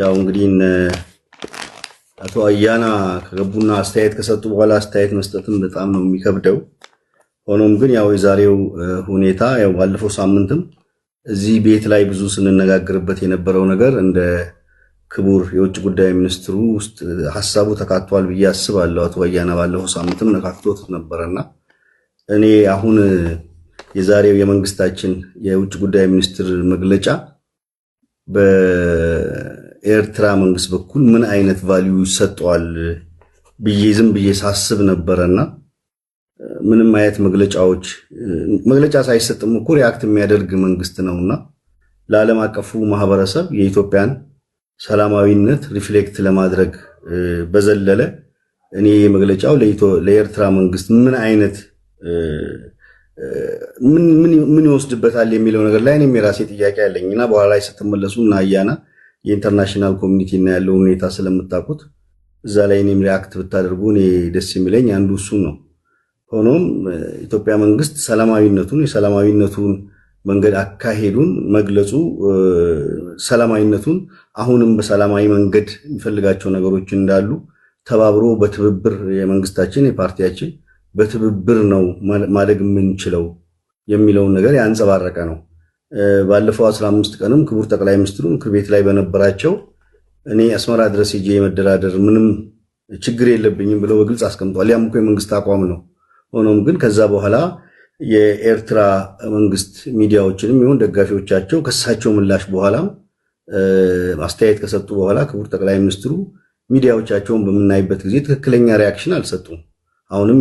ያው እንግዲህ አቶ አያና ከገቡና አስተያየት ከሰጡ በኋላ አስተያየት መስጠትም በጣም ነው የሚከብደው። ሆኖም ግን ያው የዛሬው ሁኔታ ያው ባለፈው ሳምንትም እዚህ ቤት ላይ ብዙ ስንነጋገርበት የነበረው ነገር እንደ ክቡር የውጭ ጉዳይ ሚኒስትሩ ውስጥ ሀሳቡ ተካቷል ብዬ አስባለሁ። አቶ አያና ባለፈው ሳምንትም ነካክቶት ነበረና እኔ አሁን የዛሬው የመንግስታችን የውጭ ጉዳይ ሚኒስትር መግለጫ ኤርትራ መንግስት በኩል ምን አይነት ቫልዩ ይሰጠዋል ብዬ ዝም ብዬ ሳስብ ነበረና ምንም አይነት መግለጫዎች መግለጫ ሳይሰጥም እኮ ሪያክት የሚያደርግ መንግስት ነውና ለዓለም አቀፉ ማህበረሰብ የኢትዮጵያን ሰላማዊነት ሪፍሌክት ለማድረግ በዘለለ እኔ መግለጫው ለኤርትራ መንግስት ምን አይነት ምን ይወስድበታል የሚለው ነገር ላይ እኔም የራሴ ጥያቄ ያለኝ እና በኋላ ላይ ስትመለሱ እና አያና የኢንተርናሽናል ኮሚኒቲ እና ያለውን ሁኔታ ስለምታውቁት እዛ ላይ እኔም ሪያክት ብታደርጉ እኔ ደስ የሚለኝ አንዱ እሱም ነው። ሆኖም ኢትዮጵያ መንግስት ሰላማዊነቱን የሰላማዊነቱን መንገድ አካሄዱን መግለጹ ሰላማዊነቱን አሁንም በሰላማዊ መንገድ የሚፈልጋቸው ነገሮች እንዳሉ ተባብሮ በትብብር የመንግስታችን የፓርቲያችን በትብብር ነው ማደግ የምንችለው የሚለውን ነገር ያንጸባረቀ ነው። ባለፈው 15 ቀንም ክቡር ጠቅላይ ሚኒስትሩ ምክር ቤት ላይ በነበራቸው እኔ አስመራ ድረስ ሄጄ የመደራደር ምንም ችግር የለብኝም ብለው በግልጽ አስቀምጧል። ያም እኮ የመንግስት አቋም ነው። ሆኖም ግን ከዛ በኋላ የኤርትራ መንግስት ሚዲያዎችንም ይሁን ደጋፊዎቻቸው ከሳቸው ምላሽ በኋላም አስተያየት ከሰጡ በኋላ ክቡር ጠቅላይ ሚኒስትሩ ሚዲያዎቻቸውን በምናይበት ጊዜ ትክክለኛ ሪያክሽን አልሰጡም። አሁንም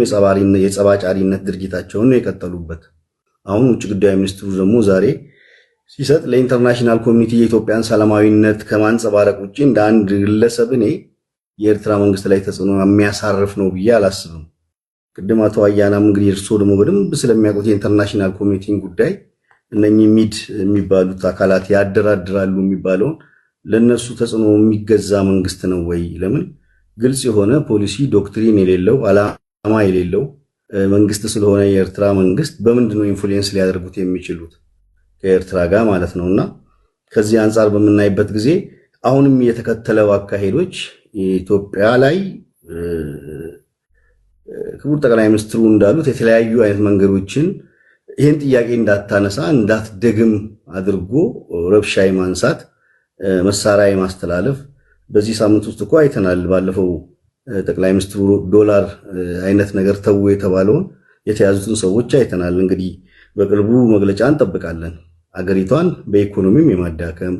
የጸባጫሪነት ድርጊታቸውን ነው የቀጠሉበት። አሁን ውጭ ጉዳይ ሚኒስትሩ ደግሞ ዛሬ ሲሰጥ ለኢንተርናሽናል ኮሚኒቲ የኢትዮጵያን ሰላማዊነት ከማንጸባረቅ ውጭ እንደ አንድ ግለሰብ እኔ የኤርትራ መንግስት ላይ ተጽዕኖ የሚያሳርፍ ነው ብዬ አላስብም። ቅድም አቶ አያናም እንግዲህ እርስዎ ደግሞ በደንብ ስለሚያውቁት የኢንተርናሽናል ኮሚኒቲን ጉዳይ እነኚህ ሚድ የሚባሉት አካላት ያደራድራሉ የሚባለውን ለእነሱ ተጽዕኖ የሚገዛ መንግስት ነው ወይ? ለምን ግልጽ የሆነ ፖሊሲ ዶክትሪን የሌለው አላማ የሌለው መንግስት ስለሆነ የኤርትራ መንግስት በምንድነው ነው ኢንፍሉዌንስ ሊያደርጉት የሚችሉት? ከኤርትራ ጋር ማለት ነው እና ከዚህ አንጻር በምናይበት ጊዜ አሁንም የተከተለው አካሄዶች ኢትዮጵያ ላይ ክቡር ጠቅላይ ሚኒስትሩ እንዳሉት የተለያዩ አይነት መንገዶችን ይህን ጥያቄ እንዳታነሳ እንዳትደግም አድርጎ ረብሻ የማንሳት መሳሪያ የማስተላለፍ በዚህ ሳምንት ውስጥ እኮ አይተናል። ባለፈው ጠቅላይ ሚኒስትሩ ዶላር አይነት ነገር ተው የተባለውን የተያዙትን ሰዎች አይተናል። እንግዲህ በቅርቡ መግለጫ እንጠብቃለን። አገሪቷን በኢኮኖሚም የማዳከም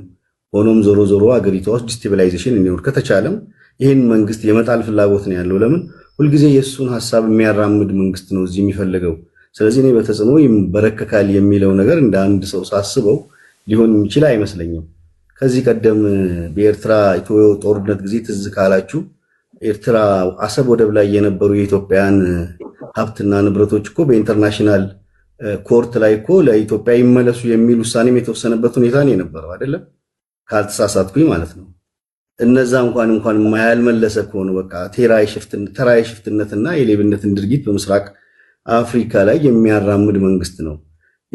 ሆኖም ዞሮ ዞሮ አገሪቷ ውስጥ ዲስቴቢላይዜሽን እንዲኖር ከተቻለም ይህን መንግስት የመጣል ፍላጎት ነው ያለው። ለምን ሁልጊዜ የእሱን ሀሳብ የሚያራምድ መንግስት ነው እዚህ የሚፈልገው። ስለዚህ እኔ በተጽዕኖ ይንበረከካል የሚለው ነገር እንደ አንድ ሰው ሳስበው ሊሆን የሚችል አይመስለኝም። ከዚህ ቀደም በኤርትራ ኢትዮ ጦርነት ጊዜ ትዝ ካላችሁ ኤርትራ አሰብ ወደብ ላይ የነበሩ የኢትዮጵያን ሀብትና ንብረቶች እኮ በኢንተርናሽናል ኮርት ላይ እኮ ለኢትዮጵያ ይመለሱ የሚል ውሳኔም የተወሰነበት ሁኔታ ነው የነበረው አይደለም? ካልተሳሳትኩኝ ማለት ነው። እነዛ እንኳን እንኳን ያልመለሰ ከሆነ በቃ ተራ የሽፍትነትና የሌብነትን ድርጊት በምስራቅ አፍሪካ ላይ የሚያራምድ መንግስት ነው።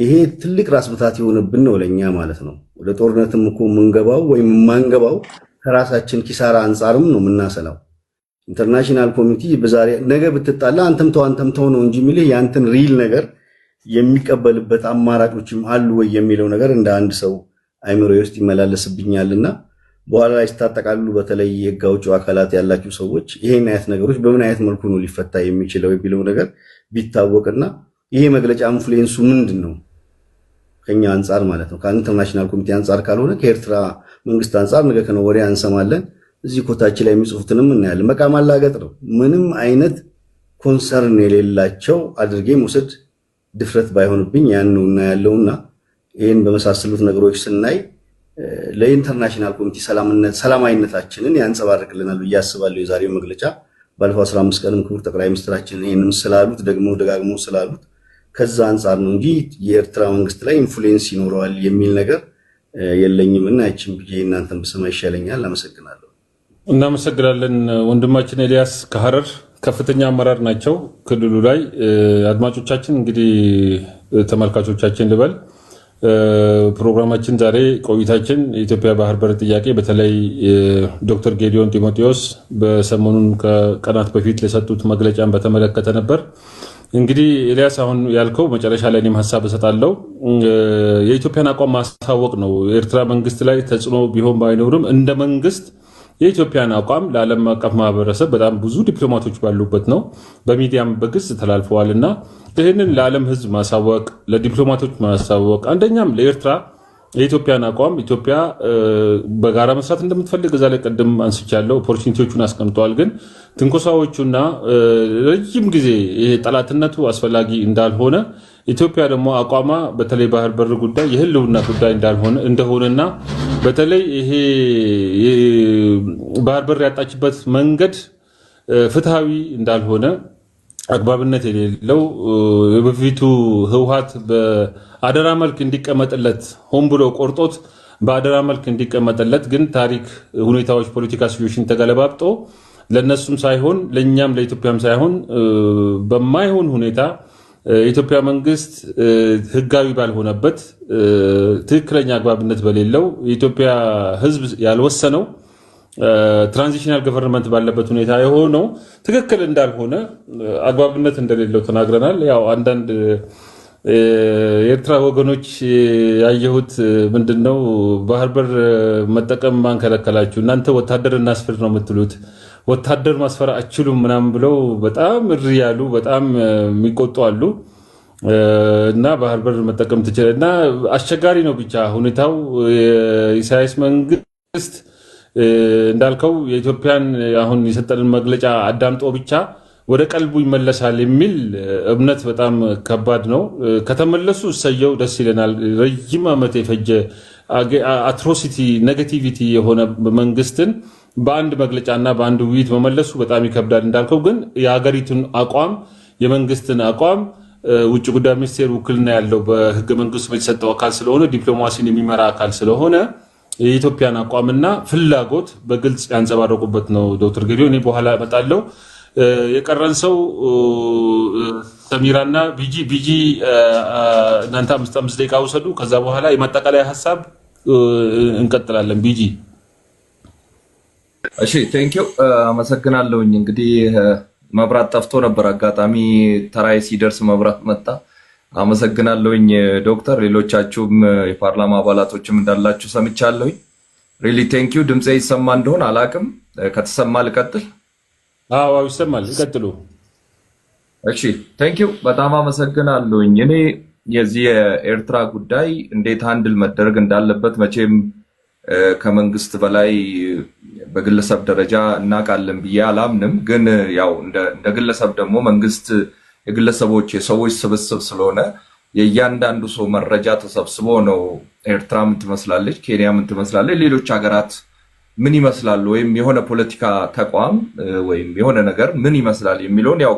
ይሄ ትልቅ ራስ ብታት የሆነብን ነው ለእኛ ማለት ነው። ወደ ጦርነትም እኮ የምንገባው ወይም የማንገባው ከራሳችን ኪሳራ አንጻርም ነው የምናሰላው። ኢንተርናሽናል ኮሚኒቲ በዛሬ ነገ ብትጣላ አንተምተው አንተምተው ነው እንጂ የሚልህ የአንተን ሪል ነገር የሚቀበልበት አማራጮችም አሉ ወይ የሚለው ነገር እንደ አንድ ሰው አይምሮ ውስጥ ይመላለስብኛል እና በኋላ ላይ ስታጠቃሉ በተለይ የህግ አካላት ያላችሁ ሰዎች ይሄን አይነት ነገሮች በምን አይነት መልኩ ነው ሊፈታ የሚችለው የሚለው ነገር ቢታወቅና ይሄ መግለጫ ኢንፍሉዌንሱ ምንድን ነው ከኛ አንጻር ማለት ነው ከኢንተርናሽናል ኮሚቴ አንጻር ካልሆነ ከኤርትራ መንግስት አንጻር ነገ ከነገ ወዲያ እንሰማለን። እዚህ ኮታችን ላይ የሚጽፉትንም እናያለን። በቃ ማላገጥ ነው። ምንም አይነት ኮንሰርን የሌላቸው አድርጌ መውሰድ ድፍረት ባይሆንብኝ ያን ያለውና ይህን በመሳሰሉት ነገሮች ስናይ ለኢንተርናሽናል ኮሚቲ ሰላማዊነታችንን ያንጸባርቅልናል ብዬ አስባለሁ። የዛሬው መግለጫ ባለፈው 15 ቀንም ክቡር ጠቅላይ ሚኒስትራችን ይህንም ስላሉት ደግሞ ደጋግሞ ስላሉት ከዛ አንጻር ነው እንጂ የኤርትራ መንግስት ላይ ኢንፍሉዌንስ ይኖረዋል የሚል ነገር የለኝም እና ያችን ብዬ እናንተን ብሰማ ይሻለኛል። አመሰግናለሁ። እናመሰግናለን ወንድማችን ኤልያስ ከሐረር ከፍተኛ አመራር ናቸው ክልሉ ላይ። አድማጮቻችን እንግዲህ ተመልካቾቻችን ልበል ፕሮግራማችን ዛሬ ቆይታችን የኢትዮጵያ ባህር በር ጥያቄ በተለይ ዶክተር ጌዲዮን ጢሞቴዎስ በሰሞኑን ከቀናት በፊት ለሰጡት መግለጫን በተመለከተ ነበር። እንግዲህ ኤልያስ አሁን ያልከው መጨረሻ ላይ እኔም ሀሳብ እሰጣለሁ። የኢትዮጵያን አቋም ማስታወቅ ነው። የኤርትራ መንግስት ላይ ተጽዕኖ ቢሆን ባይኖርም እንደ መንግስት የኢትዮጵያን አቋም ለዓለም አቀፍ ማህበረሰብ በጣም ብዙ ዲፕሎማቶች ባሉበት ነው፣ በሚዲያም በግልጽ ተላልፈዋል እና ይህንን ለዓለም ህዝብ ማሳወቅ ለዲፕሎማቶች ማሳወቅ አንደኛም ለኤርትራ የኢትዮጵያን አቋም ኢትዮጵያ በጋራ መስራት እንደምትፈልግ እዛ ላይ ቀደም አንስቻለሁ። ኦፖርቹኒቲዎቹን አስቀምጠዋል። ግን ትንኮሳዎቹና ረጅም ጊዜ ጠላትነቱ አስፈላጊ እንዳልሆነ ኢትዮጵያ ደግሞ አቋሟ በተለይ ባህር በር ጉዳይ የህልውና ጉዳይ እንደሆነና በተለይ ይሄ ባህር በር ያጣችበት መንገድ ፍትሐዊ እንዳልሆነ አግባብነት የሌለው የበፊቱ ህወሓት በአደራ መልክ እንዲቀመጥለት ሆን ብሎ ቆርጦት በአደራ መልክ እንዲቀመጥለት ግን ታሪክ፣ ሁኔታዎች፣ ፖለቲካ ሲሽን ተገለባብጦ ለእነሱም ሳይሆን ለእኛም ለኢትዮጵያም ሳይሆን በማይሆን ሁኔታ የኢትዮጵያ መንግስት ህጋዊ ባልሆነበት ትክክለኛ አግባብነት በሌለው የኢትዮጵያ ህዝብ ያልወሰነው ትራንዚሽናል ገቨርንመንት ባለበት ሁኔታ የሆነው ትክክል እንዳልሆነ አግባብነት እንደሌለው ተናግረናል። ያው አንዳንድ የኤርትራ ወገኖች ያየሁት ምንድን ነው፣ ባህር በር መጠቀም ማንከለከላችሁ እናንተ ወታደር እናስፍር ነው የምትሉት ወታደር ማስፈራ አችሉም ምናምን ብለው በጣም እሪ ያሉ በጣም የሚቆጡ አሉ። እና ባህር በር መጠቀም ትችላል እና አስቸጋሪ ነው ብቻ ሁኔታው። የኢሳያስ መንግስት እንዳልከው የኢትዮጵያን አሁን የሰጠንን መግለጫ አዳምጦ ብቻ ወደ ቀልቡ ይመለሳል የሚል እምነት በጣም ከባድ ነው። ከተመለሱ እሰየው ደስ ይለናል። ረጅም ዓመት የፈጀ አትሮሲቲ ኔጋቲቪቲ የሆነ መንግስትን በአንድ መግለጫና በአንድ ውይይት መመለሱ በጣም ይከብዳል። እንዳልከው ግን የሀገሪቱን አቋም የመንግስትን አቋም ውጭ ጉዳይ ሚኒስቴር ውክልና ያለው በህገ መንግስቱ የተሰጠው አካል ስለሆነ ዲፕሎማሲን የሚመራ አካል ስለሆነ የኢትዮጵያን አቋምና ፍላጎት በግልጽ ያንጸባረቁበት ነው። ዶክተር ገቢ እኔ በኋላ እመጣለሁ። የቀረን ሰው ሰሚራና ቢጂ ቢጂ፣ እናንተ አምስት አምስት ደቂቃ ውሰዱ። ከዛ በኋላ የማጠቃለያ ሀሳብ እንቀጥላለን። ቢጂ እሺ ቴንኪው አመሰግናለሁኝ። እንግዲህ መብራት ጠፍቶ ነበር፣ አጋጣሚ ተራይ ሲደርስ መብራት መጣ። አመሰግናለሁኝ ዶክተር። ሌሎቻችሁም የፓርላማ አባላቶችም እንዳላችሁ ሰምቻለሁኝ። ሪሊ ቴንኪው። ድምፄ ይሰማ እንደሆን አላቅም። ከተሰማ ልቀጥል? አዎ ይሰማል፣ ይቀጥሉ። እሺ ቴንኪው፣ በጣም አመሰግናለሁኝ። እኔ የዚህ የኤርትራ ጉዳይ እንዴት አንድል መደረግ እንዳለበት መቼም ከመንግስት በላይ በግለሰብ ደረጃ እናውቃለን ብዬ አላምንም። ግን ያው እንደ ግለሰብ ደግሞ መንግስት የግለሰቦች የሰዎች ስብስብ ስለሆነ የእያንዳንዱ ሰው መረጃ ተሰብስቦ ነው ኤርትራ ምን ትመስላለች፣ ኬንያ ምን ትመስላለች፣ ሌሎች ሀገራት ምን ይመስላሉ፣ ወይም የሆነ ፖለቲካ ተቋም ወይም የሆነ ነገር ምን ይመስላል የሚለውን ያው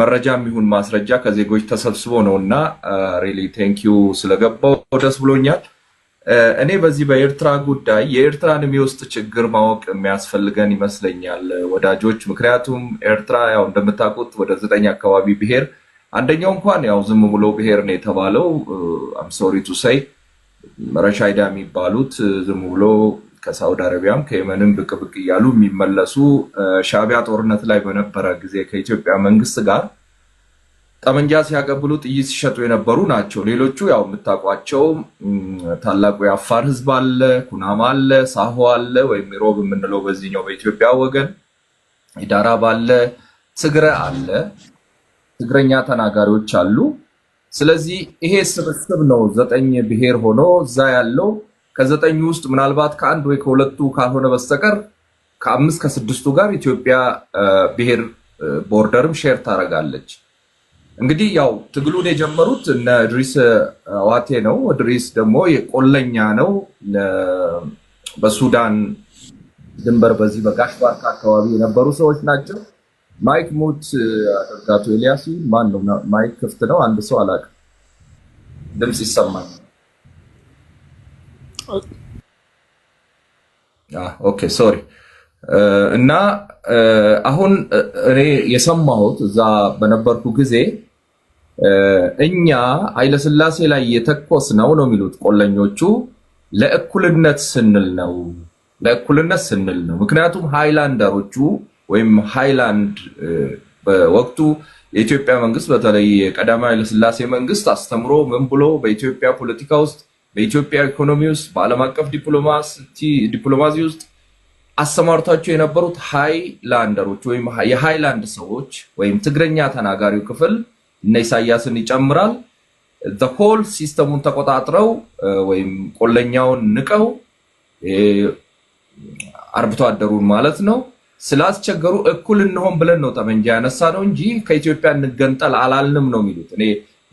መረጃ የሚሆን ማስረጃ ከዜጎች ተሰብስቦ ነው እና ሪሊ ቴንኪዩ ስለገባው ደስ ብሎኛል። እኔ በዚህ በኤርትራ ጉዳይ የኤርትራን የውስጥ ችግር ማወቅ የሚያስፈልገን ይመስለኛል ወዳጆች። ምክንያቱም ኤርትራ ያው እንደምታውቁት ወደ ዘጠኝ አካባቢ ብሔር አንደኛው እንኳን ያው ዝም ብሎ ብሔር ነው የተባለው አምሶሪ ቱሰይ ረሻይዳ የሚባሉት ዝም ብሎ ከሳውዲ አረቢያም ከየመንም ብቅ ብቅ እያሉ የሚመለሱ ሻቢያ ጦርነት ላይ በነበረ ጊዜ ከኢትዮጵያ መንግስት ጋር ጠመንጃ ሲያቀብሉ ጥይት ሲሸጡ የነበሩ ናቸው። ሌሎቹ ያው የምታውቋቸው ታላቁ የአፋር ህዝብ አለ፣ ኩናማ አለ፣ ሳሆ አለ ወይም ሮብ የምንለው በዚህኛው በኢትዮጵያ ወገን፣ ኢዳራብ አለ፣ ትግረ አለ፣ ትግረኛ ተናጋሪዎች አሉ። ስለዚህ ይሄ ስብስብ ነው ዘጠኝ ብሔር ሆኖ እዛ ያለው። ከዘጠኙ ውስጥ ምናልባት ከአንድ ወይ ከሁለቱ ካልሆነ በስተቀር ከአምስት ከስድስቱ ጋር ኢትዮጵያ ብሔር ቦርደርም ሼር ታደርጋለች። እንግዲህ ያው ትግሉን የጀመሩት እነ ድሪስ አዋቴ ነው። ድሪስ ደግሞ የቆለኛ ነው። በሱዳን ድንበር በዚህ በጋሽ ባርካ አካባቢ የነበሩ ሰዎች ናቸው። ማይክ ሙት አደርጋቱ ኤልያስ ማን ነው? ማይክ ክፍት ነው። አንድ ሰው አላውቅም። ድምፅ ይሰማል። ኦኬ ሶሪ እና አሁን እኔ የሰማሁት እዛ በነበርኩ ጊዜ እኛ ኃይለስላሴ ላይ የተኮስ ነው ነው የሚሉት ቆለኞቹ ለእኩልነት ስንል ነው ለእኩልነት ስንል ነው። ምክንያቱም ሃይላንደሮቹ ወይም ሃይላንድ በወቅቱ የኢትዮጵያ መንግስት በተለይ የቀዳማዊ ኃይለስላሴ መንግስት አስተምሮ ምን ብሎ በኢትዮጵያ ፖለቲካ ውስጥ በኢትዮጵያ ኢኮኖሚ ውስጥ በዓለም አቀፍ ዲፕሎማሲ ውስጥ አሰማርቷቸው የነበሩት ሃይላንደሮች ወይም የሃይላንድ ሰዎች ወይም ትግረኛ ተናጋሪው ክፍል እነ ኢሳያስን ይጨምራል ሆል ሲስተሙን ተቆጣጥረው ወይም ቆለኛውን ንቀው አርብቶ አደሩን ማለት ነው ስላስቸገሩ እኩል እንሆን ብለን ነው ጠመንጃ ያነሳ ነው እንጂ ከኢትዮጵያ እንገንጠል አላልንም ነው የሚሉት። እኔ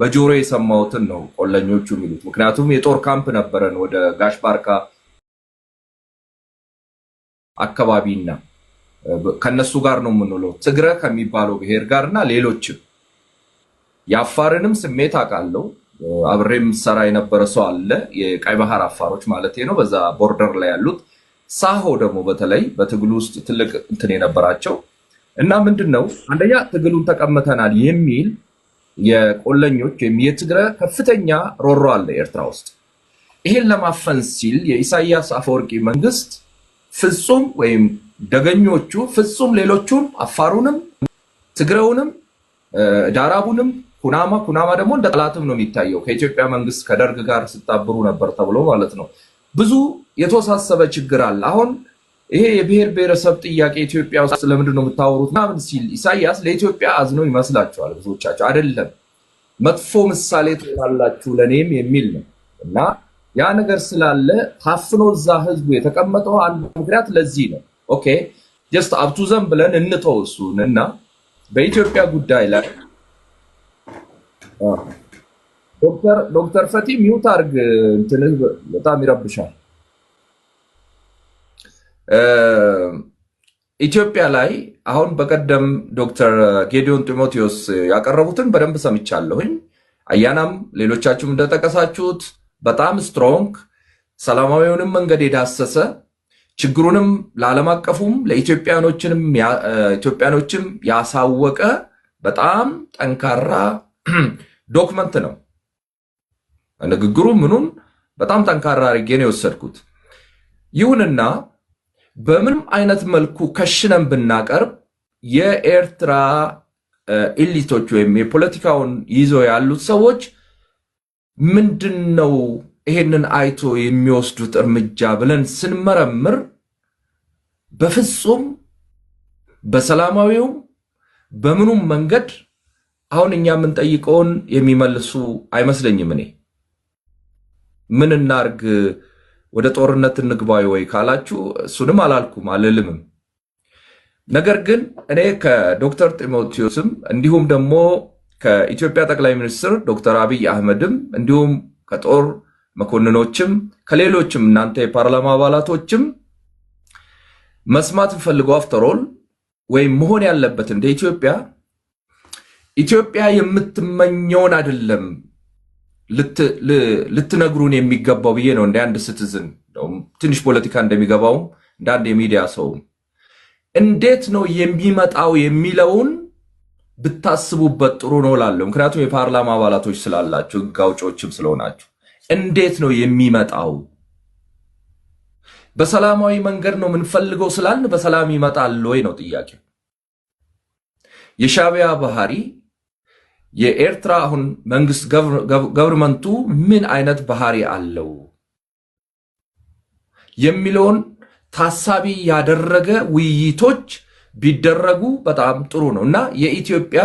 በጆሮ የሰማሁትን ነው ቆለኞቹ የሚሉት። ምክንያቱም የጦር ካምፕ ነበረን ወደ ጋሽ ባርካ አካባቢና ከነሱ ጋር ነው የምንውለው ትግረ ከሚባለው ብሔር ጋርና ሌሎችም። የአፋርንም ስሜት አውቃለሁ። አብሬም ሰራ የነበረ ሰው አለ። የቀይ ባህር አፋሮች ማለት ነው፣ በዛ ቦርደር ላይ ያሉት። ሳሆ ደግሞ በተለይ በትግሉ ውስጥ ትልቅ እንትን የነበራቸው እና ምንድን ነው አንደኛ ትግሉን ተቀምተናል የሚል የቆለኞች የትግረ ከፍተኛ ሮሮ አለ ኤርትራ ውስጥ። ይሄን ለማፈን ሲል የኢሳያስ አፈወርቂ መንግስት ፍጹም ወይም ደገኞቹ ፍጹም ሌሎቹም አፋሩንም፣ ትግረውንም፣ ዳራቡንም ኩናማ ኩናማ ደግሞ እንደ ጠላትም ነው የሚታየው ከኢትዮጵያ መንግስት ከደርግ ጋር ስታብሩ ነበር ተብሎ ማለት ነው። ብዙ የተወሳሰበ ችግር አለ። አሁን ይሄ የብሔር ብሔረሰብ ጥያቄ ኢትዮጵያ ውስጥ ለምንድን ነው የምታወሩት ምናምን ሲል ኢሳያስ ለኢትዮጵያ አዝነው ይመስላቸዋል ብዙዎቻቸው። አይደለም መጥፎ ምሳሌ ትሆናላችሁ ለእኔም የሚል ነው እና ያ ነገር ስላለ ታፍኖ እዛ ህዝቡ የተቀመጠው አንዱ ምክንያት ለዚህ ነው። ኦኬ ጀስት አብቱ ዘን ብለን እንተው እሱን እና በኢትዮጵያ ጉዳይ ላይ ዶክተር ፈቲ ሚውት አርግ እንትን በጣም ይረብሻል። ኢትዮጵያ ላይ አሁን በቀደም ዶክተር ጌዲዮን ጢሞቴዎስ ያቀረቡትን በደንብ ሰምቻለሁኝ። አያናም ሌሎቻችሁም እንደጠቀሳችሁት በጣም ስትሮንግ ሰላማዊውንም መንገድ የዳሰሰ ችግሩንም ለዓለም አቀፉም ለኢትዮጵያኖችም ያሳወቀ በጣም ጠንካራ ዶክመንት ነው። ንግግሩ ምኑን በጣም ጠንካራ አድርጌ ነው የወሰድኩት። ይሁንና በምንም አይነት መልኩ ከሽነን ብናቀርብ የኤርትራ ኢሊቶች ወይም የፖለቲካውን ይዞ ያሉት ሰዎች ምንድን ነው ይሄንን አይቶ የሚወስዱት እርምጃ ብለን ስንመረምር በፍጹም በሰላማዊውም በምኑም መንገድ አሁን እኛ የምንጠይቀውን የሚመልሱ አይመስለኝም። እኔ ምን እናርግ ወደ ጦርነት እንግባዊ ወይ ካላችሁ እሱንም አላልኩም አልልምም። ነገር ግን እኔ ከዶክተር ጢሞቴዎስም እንዲሁም ደግሞ ከኢትዮጵያ ጠቅላይ ሚኒስትር ዶክተር አብይ አህመድም እንዲሁም ከጦር መኮንኖችም ከሌሎችም እናንተ የፓርላማ አባላቶችም መስማት ፈልገው አፍተሮል ወይም መሆን ያለበት እንደ ኢትዮጵያ ኢትዮጵያ የምትመኘውን አይደለም ልትነግሩን የሚገባው ብዬ ነው እንደ አንድ ስትዝን ትንሽ ፖለቲካ እንደሚገባውም እንደ አንድ የሚዲያ ሰውም እንዴት ነው የሚመጣው የሚለውን ብታስቡበት ጥሩ ነው ላለው። ምክንያቱም የፓርላማ አባላቶች ስላላችሁ ህግ አውጪዎችም ስለሆናችሁ እንዴት ነው የሚመጣው? በሰላማዊ መንገድ ነው የምንፈልገው ስላልን በሰላም ይመጣል ወይ ነው ጥያቄ። የሻቢያ ባህሪ የኤርትራ አሁን መንግስት ገቨርመንቱ ምን አይነት ባህሪ አለው የሚለውን ታሳቢ ያደረገ ውይይቶች ቢደረጉ በጣም ጥሩ ነው እና የኢትዮጵያ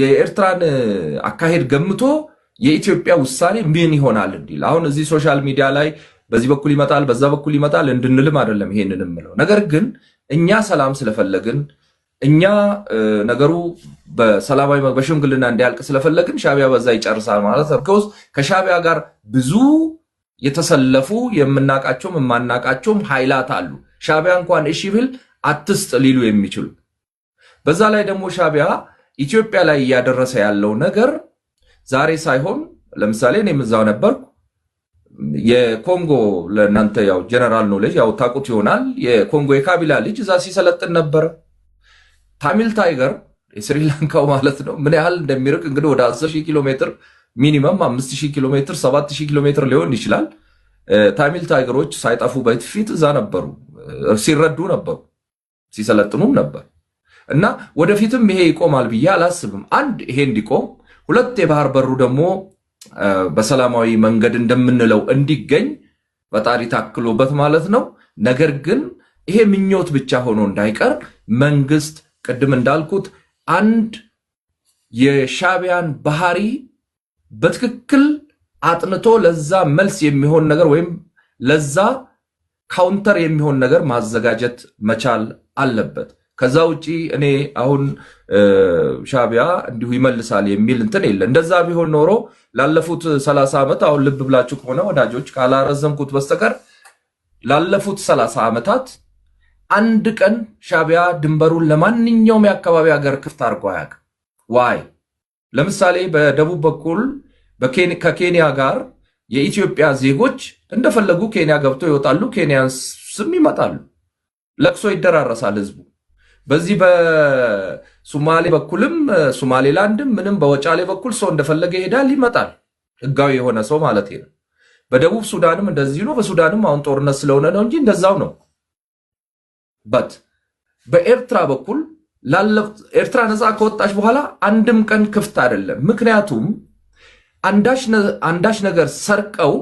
የኤርትራን አካሄድ ገምቶ የኢትዮጵያ ውሳኔ ምን ይሆናል እንዲል አሁን እዚህ ሶሻል ሚዲያ ላይ በዚህ በኩል ይመጣል፣ በዛ በኩል ይመጣል እንድንልም አይደለም ይሄንን የምለው ነገር ግን እኛ ሰላም ስለፈለግን እኛ ነገሩ በሰላማዊ በሽምግልና እንዲያልቅ ስለፈለግን ሻቢያ በዛ ይጨርሳል ማለት ርከውስ ከሻቢያ ጋር ብዙ የተሰለፉ የምናቃቸውም የማናቃቸውም ኃይላት አሉ። ሻቢያ እንኳን እሺ ብል አትስጥ ሊሉ የሚችሉ በዛ ላይ ደግሞ ሻቢያ ኢትዮጵያ ላይ እያደረሰ ያለው ነገር ዛሬ ሳይሆን ለምሳሌ እኔም እዛው ነበርኩ። የኮንጎ ለእናንተ ያው ጀነራል ኖሌጅ ያው ታቁት ይሆናል። የኮንጎ የካቢላ ልጅ እዛ ሲሰለጥን ነበረ። ታሚል ታይገር የስሪላንካው ማለት ነው። ምን ያህል እንደሚርቅ እንግዲህ ወደ 10 ኪሎ ሜትር ሚኒመም 5000 ኪሎ ሜትር 7000 ኪሎ ሜትር ሊሆን ይችላል። ታሚል ታይገሮች ሳይጠፉ በፊት እዛ ነበሩ፣ ሲረዱ ነበሩ። ሲሰለጥኑም ነበር እና ወደፊትም ይሄ ይቆማል ብዬ አላስብም። አንድ ይሄ እንዲቆም፣ ሁለት የባህር በሩ ደግሞ በሰላማዊ መንገድ እንደምንለው እንዲገኝ ፈጣሪ ታክሎበት ማለት ነው። ነገር ግን ይሄ ምኞት ብቻ ሆኖ እንዳይቀር መንግስት ቅድም እንዳልኩት አንድ የሻቢያን ባህሪ በትክክል አጥንቶ ለዛ መልስ የሚሆን ነገር ወይም ለዛ ካውንተር የሚሆን ነገር ማዘጋጀት መቻል አለበት። ከዛ ውጪ እኔ አሁን ሻቢያ እንዲሁ ይመልሳል የሚል እንትን የለ። እንደዛ ቢሆን ኖሮ ላለፉት ሰላሳ ዓመት አሁን ልብ ብላችሁ ከሆነ ወዳጆች ካላረዘምኩት በስተቀር ላለፉት ሰላሳ ዓመታት አንድ ቀን ሻቢያ ድንበሩን ለማንኛውም የአካባቢ ሀገር ክፍት አድርጎ አያውቅም። ዋይ ለምሳሌ በደቡብ በኩል ከኬንያ ጋር የኢትዮጵያ ዜጎች እንደፈለጉ ኬንያ ገብተው ይወጣሉ። ኬንያን ስም ይመጣሉ። ለቅሶ ይደራረሳል ህዝቡ። በዚህ በሱማሌ በኩልም ሱማሌላንድም ምንም በወጫሌ በኩል ሰው እንደፈለገ ይሄዳል፣ ይመጣል። ህጋዊ የሆነ ሰው ማለት ነው። በደቡብ ሱዳንም እንደዚህ ነው። በሱዳንም አሁን ጦርነት ስለሆነ ነው እንጂ እንደዛው ነው። በት በኤርትራ በኩል ኤርትራ ነፃ ከወጣች በኋላ አንድም ቀን ክፍት አይደለም። ምክንያቱም አንዳች ነገር ሰርቀው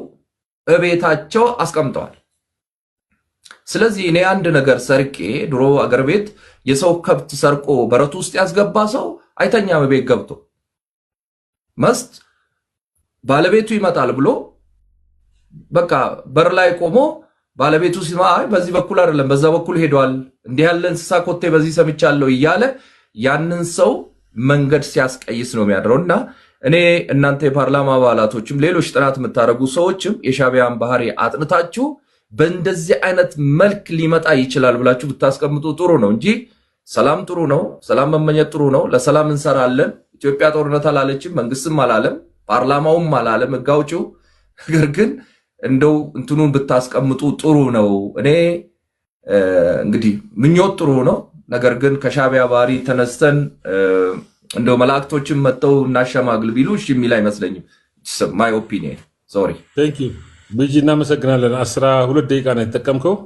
እቤታቸው አስቀምጠዋል። ስለዚህ እኔ አንድ ነገር ሰርቄ ድሮ አገር ቤት የሰው ከብት ሰርቆ በረቱ ውስጥ ያስገባ ሰው አይተኛም። ቤት ገብቶ መስት ባለቤቱ ይመጣል ብሎ በቃ በር ላይ ቆሞ ባለቤቱ ሲማ በዚህ በኩል አይደለም በዛ በኩል ሄዷል፣ እንዲህ ያለ እንስሳ ኮቴ በዚህ ሰምቻለሁ እያለ ያንን ሰው መንገድ ሲያስቀይስ ነው የሚያድረው እና እኔ እናንተ የፓርላማ አባላቶችም ሌሎች ጥናት የምታደርጉ ሰዎችም የሻቢያን ባህሪ አጥንታችሁ በእንደዚህ አይነት መልክ ሊመጣ ይችላል ብላችሁ ብታስቀምጡ ጥሩ ነው እንጂ ሰላም ጥሩ ነው፣ ሰላም መመኘት ጥሩ ነው። ለሰላም እንሰራለን። ኢትዮጵያ ጦርነት አላለችም፣ መንግስትም አላለም፣ ፓርላማውም አላለም፣ ሕግ አውጪው። ነገር ግን እንደው እንትኑን ብታስቀምጡ ጥሩ ነው። እኔ እንግዲህ ምኞት ጥሩ ነው። ነገር ግን ከሻቢያ ባህሪ ተነስተን እንደው መላእክቶችን መጥተው እናሸማግል ቢሉ እሺ የሚል አይመስለኝም። ማይ ኦፒኒየን ሶሪ። ቴንክ ዩ ብጂ፣ እናመሰግናለን። አስራ ሁለት ደቂቃ ነው የተጠቀምከው።